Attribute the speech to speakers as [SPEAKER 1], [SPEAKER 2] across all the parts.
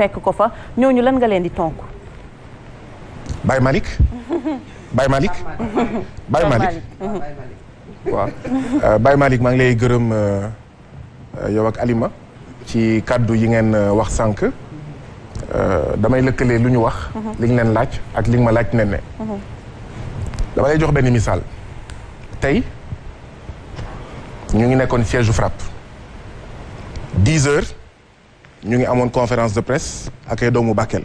[SPEAKER 1] tekk ko fa ñooñu lan nga leen di tonk.
[SPEAKER 2] bay Malick. bay Malick. bay Malick waaw euh, Baye maa ngi lay gërëm euh, yow ak Alima ci kàddu yi ngeen euh, wax sànq. damay lëkkale lu ñu wax. Mhm. li nga leen laaj ak li nga ma laaj nen mhm. damay jox benn misaal. tey ñu ngi nekkoon siège u FRAPP. 10 heures. ñu ngi amoon conférence de presse ak ay doomu Bakel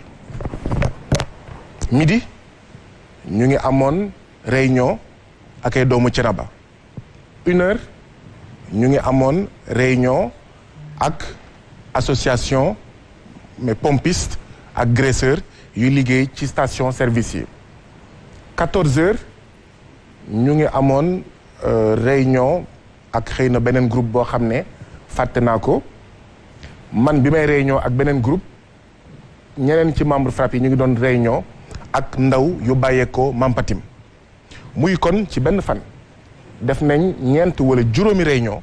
[SPEAKER 2] midi ñu ngi amoon réunion ak doomu Thiénaba une heure ñu ngi amoon réunion ak association mais pompiste ak graisseur yu liggéey ci station service yi quatorze heures ñu ngi amoon euh, réunion ak xëy na beneen groupe boo xam ne fàtte naa ko man bi may réunion ak beneen groupe ñeneen ci membre FRAPP yi ñu ngi doon réunion ak ndaw yu bàyyeekoo Mampatim muy kon ci benn fan def nañ ñeent wala juróomi réunion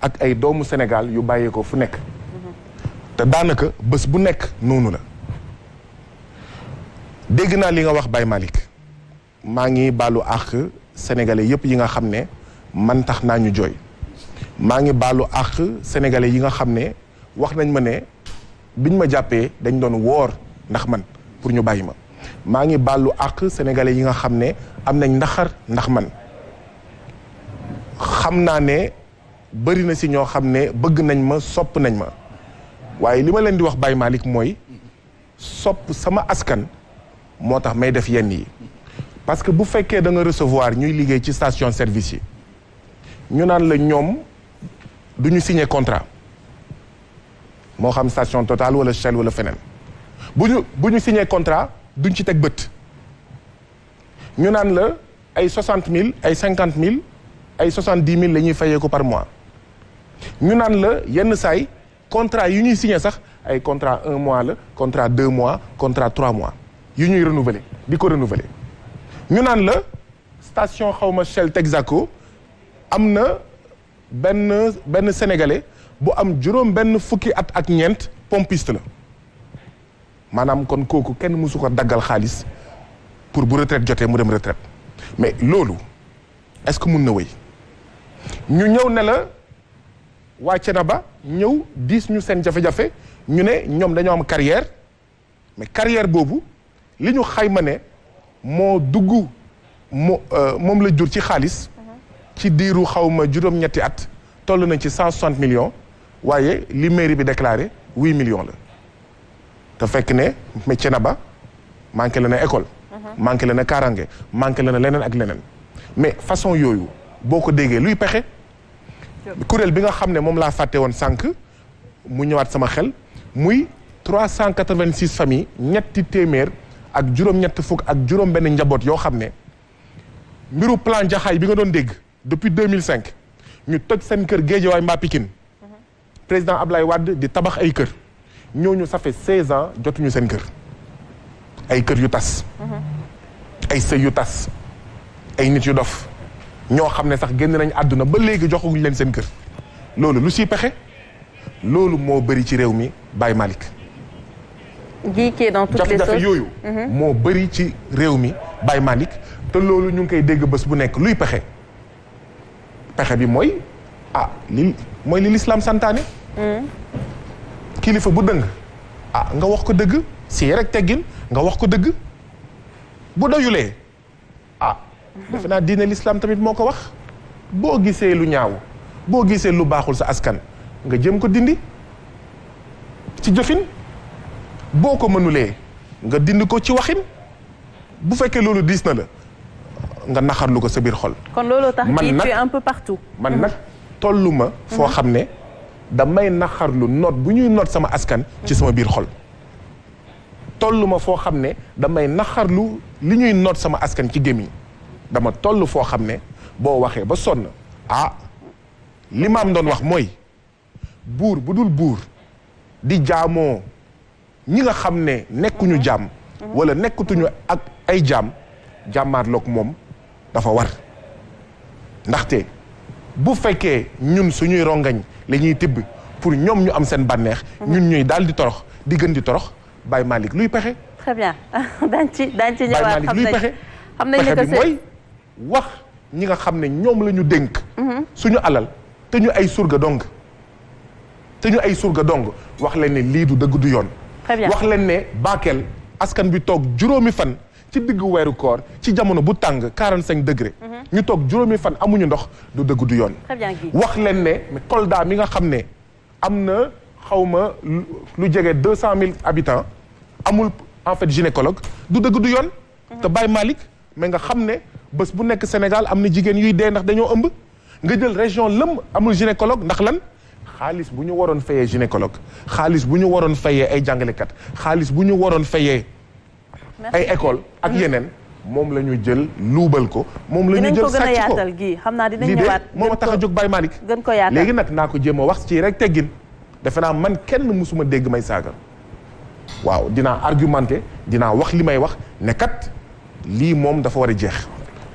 [SPEAKER 2] ak ay doomu senegal yu bàyyeekoo fu nekk te daanaka bés bu nekk noonu la dégg naa li nga wax Baye malik maa ngi baalu àq sénégalais yépp yi nga xam ne man tax naa ñu jooy maa ngi baalu àq sénégalais yi nga xam ne wax nañ ma ne biñ ma jàppee dañ doon woor ndax man pour ñu bàyyi ma maa ngi bàllu àq sénégalais yi nga xam ne am nañ ndaxar ndax man xam naa ne bëri na si ñoo xam ne bëgg nañ ma sopp nañ ma waaye li ma leen di wax Baye Malick mooy sopp sama askan moo tax may def yenn yi parce que bu fekkee da nga recevoir ñuy liggéey ci station service yi ñu naan la ñoom duñu ñu contrat moo xam station Total wala Shell wala feneen bu ñu bu ñu signé contrat duñ ci teg bët ñu naan la ay soixante mille ay cinquante mille ay soixante dix mille la ñuy fayee ko par mois ñu naan la yenn saay contrat yu ñuy signee sax ay contrat un mois la contrat deux mois contrat trois mois yu ñuy renouveler di ko renouveler ñu naan la station xawma Shell ko am na benn benn sénégalais bu am juróom benn fukki at ak ñeent pompiste la maanaam kon kooku kenn mësu ko daggal xaalis pour bu retraite jotee mu dem retraite mais loolu est-ce que mun na wéy ñu ñëw ne la na ba ñëw diis ñu seen jafe-jafe ñu ne ñoom dañoo am carrière mais carrière boobu li ñu xayma ne moo dugg mo euh, moom la jur ci xaalis uh-huh. ci diiru xawma juróom-ñetti at toll nañ ci cent soixante millions waaye li bi déclaré huit million la te fekk ne métier na ba manqué la na école manqué la na kaaraange manqué la na leneen ak leneen mais façon yooyu boo ko déggee luy pexe kuréel bi nga xam ne moom laa fàtte woon sànq mu ñëwaat sama xel muy trois cent quatre-vingt-six familles ñetti téeméer ak juróom-ñett fukk ak juróom benn njaboot yoo xam ne mbiru plan jaxaay bi nga doon dégg depuis mille 2005 ñu toj seen kër Géejawaay mbaa Pikine président Ablaye Wade di tabax ay kër ñoo ñu safe 16 ans jotuñu seen kër ay kër yu tas. ay sëy yu tas ay nit yu dof ñoo xam ne sax génn nañ àdduna ba léegi joxuñu leen seen kër loolu lu siy pexe loolu moo bari ci réew mi bay Malick.
[SPEAKER 1] Guy qui est yooyu. Mhm.
[SPEAKER 2] moo bari ci réew mi bay Malick te loolu ñu ngi koy dégg bés bu nekk luy pexe pexe bi mooy ah li mooy li lislaam santaane. kilifa bu dëng ah nga wax ko dëgg si rek teggin nga wax ko dëgg bu doyulee ah defe naa diine l'islam tamit moo ko wax boo gisee lu ñaaw boo gisee lu baaxul sa askan nga jëm ko dindi ci jëfin boo ko mënulee nga dindi ko ci waxin bu fekkee loolu diis na la nga naxarlu ko sa biir xol.
[SPEAKER 1] kon looloo tax kii tu es un peu partout. man mm-hmm. nag
[SPEAKER 2] tollu ma foo mm-hmm. xam ne. damay naxarlu noot bu ñuy noot sama askan ci sama biir xol toll ma foo xam ne damay naxarlu li ñuy noot sama askan ci gémmiñ dama toll foo xam ne boo waxee ba sonn ah li am doon wax mooy buur bu dul buur di jaamoo ñi nga xam ne nekkuñu jaam wala nekkatuñu ak ay jaam jàmmaarloog moom dafa war ndaxte bu fekkee ñun suñuy rongañ lañuy ñuy tibb pour ñoom ñu am seen bànneex. ñun ñuy daal di torox diggan di torox Baye Malick luy pexe.
[SPEAKER 1] très bien daañu ci daañu ci ñëwaat xam nañu pexe bi mooy
[SPEAKER 2] wax ñi nga xam ne ñoom la ñu dénk. Mm-hmm. suñu alal te ñu ay surga dong. te ñu ay surga dong wax leen ne lii du dëgg du yoon. wax leen ne Bakel askan bi toog juróomi fan ci diggu weeru koor ci jamono bu tàng 45 degré. Mm-hmm. ñu toog juróomi fan amuñu ndox du dëgg du yoon. wax leen ne Kolda mi nga xam ne am na xawma lu jege deux cent mille habitants amul en fait gynécologue du dëgg du yoon. Mhm. te Baye Malick mais nga xam ne bés bu nekk Sénégal am na jigéen yuy dee ndax dañoo ëmb nga jël région lëm amul gynécologue ndax lan. xaalis bu ñu waroon fayee gynécologue xaalis bu ñu waroon fayee ay jàngalekat xaalis bu ñu waroon fayee ay école ak yeneen moom la ñu jël luubal ko moom la ñu jël sàcc ko
[SPEAKER 1] gi xam naa dinañ ñëwaat
[SPEAKER 2] moom a tax a jóg Baye Malick
[SPEAKER 1] gën ko yaatal léegi
[SPEAKER 2] nag naa ko jéem a wax ci rek teggin defe naa man kenn musuma dégg may saaga waaw dinaa argumenté dinaa wax li may wax ne kat lii moom dafa war a jeex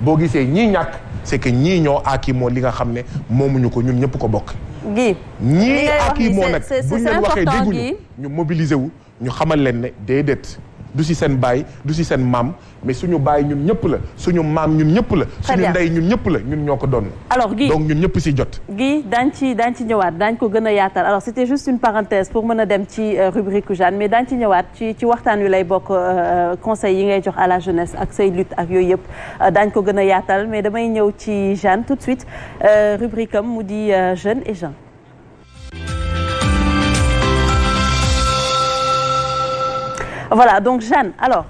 [SPEAKER 2] boo gisee ñii ñàkk c'est que ñii ñoo aaki moo li nga xam ne moomuñu ko ñun ñëpp ko bokk gi ñii aaki moo nag buñ leen waxee dégguñu ñu mobiliser wu ñu xamal leen ne déedéet du si seen baay du si seen maam mais suñu baay ñun ñëpp la suñu maam ñun ñëpp la. suñu ndey ñun ñëpp la ñun ñoo ko doon. alors Guy donc ñun ñëpp si jot.
[SPEAKER 1] Guy daañu ci daañu ci ñëwaat daañu ko gën a yaatal alors c'était juste a dem ci euh, rubrique waxtaan wi lay bokk euh, euh, conseil yi ngay jox à la jeunesse ak say lutte ak yooyu yëpp daañu ko gën a yaatal mais damay ñëw ci Jeanne tout de suite rubrique mu di jeune et Jean. voilà donc Jeanne alors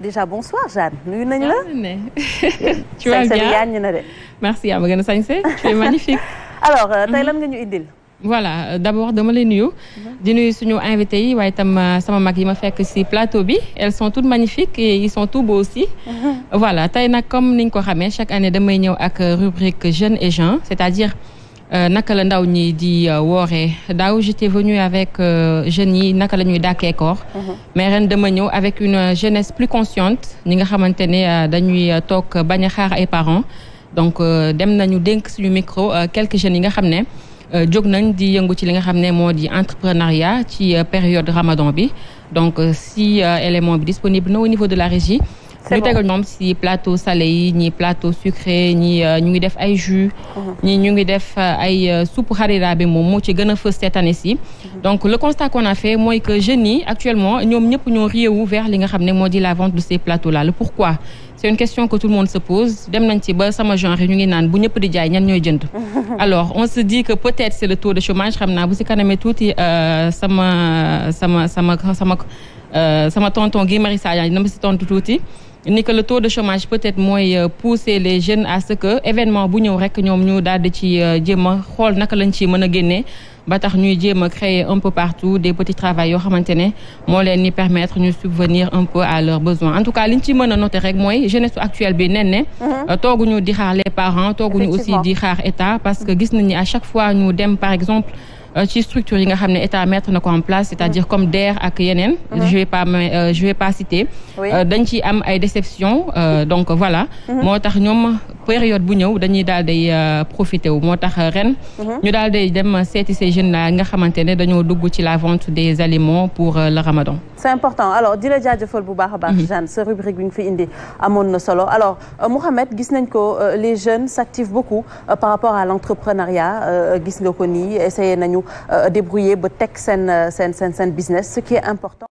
[SPEAKER 1] déjà bonsoir Jeanne nuyu nañ la. tu vas bien ñu na de. merci yaa ma gën a sañse tu es magnifique. alors euh, tey mhm. lan nga ñu indil. voilà euh, d'abord dama lay nuyu. Mhm. di nuyu suñu invité yi waaye itam euh, sama mag yi ma fekk si plateau bi elles sont toutes magnifiques et ils sont tous beaux aussi. Mhm. voilà tey nag comme niñ ko xamee chaque année damay ñëw ak rubrique jeunes et gens c'est-à-dire. Euh, naka la ndaw ñi di euh, wooree daaw j'étais venu avec euh, jeunes yi naka la ñuy dàkkee koor mhm. mais ren dama ñëw avec une jeunesse plus consciente ñi nga xamante ne dañuy toog bañ a xaar ay parents donc dem nañu dénk suñu micro quelque jeunes yi nga xam ne jóg nañ di yëngu ci li nga xam ne moo di entrepreneuriat ci période ramadan bi donc si élément bi disponible na au niveau de la régie ñu tegal ñoom si plateau salé yi ñi plateau sucré ñi euh, ñu ngi def ay jus uh-huh. ñi ñu ngi def euh, ay euh, soupe harira bi moom moo ci gën a fës cette année uh-huh. donc le constat qu'on a fait mooy que jeunes yi actuellement ñoom ñëpp ñoo réewu vers li nga xam ne moo di la vente de ces plateaux là le pourquoi c'est une question que tout le monde se pose dem nañ ci ba sama genre ñu ngi naan bu ñëpp di jaay ñan ñooy jënd alors on se dit que peut-être c'est le taux de chômage xam naa si kanamee tuuti sama sama sama sama sama tonton Guy Marius Sagna ma si tontu tuuti ni que le taux de chômage peut-être mooy euh, pousser les jeunes à ce que événement bu ñëw rek ñoom ñu daal di ci euh, jéem a xool naka lañ ci mën a génnee ba tax ñuy jéem a créer un peu partout des petits travails yoo xamante ne moo leen ni permettre ñu subvenir un peu à leurs besoins en tout cas liñ ci mën a noter rek mooy jeunesse actuelle bi nen ne mhm. euh, tooguñu di xaar les parents tooguñu aussi di xaar état parce que gis nañu à chaque fois ñu dem par exemple Euh, ci structure yi nga xam ne état mettre na ko en place c'est-à-dire mm. comme DER ak yeneen mm-hmm. je vais pas euh, je vais pas citer euh, dañ ci am ay déception mm-hmm. donc voilà mm-hmm. moo tax ñoom période bu ñëw dañuy daal day profité wu moo tax ren ñu daal day dem seeti ces jeunes la nga xamante ne dañoo dugg ci la vente des aliments pour le ramadan c'est important alors di la jaajëfal bu baax baax Jeanne sa rubrique bi nga fi indi amoon na solo alors Mouhamed gis nañ ko les jeunes s'activent beaucoup par rapport à gis nga ko nii essayé nañu Euh, débrouiller ba teg seen euh, seen seen seen business ce qui est important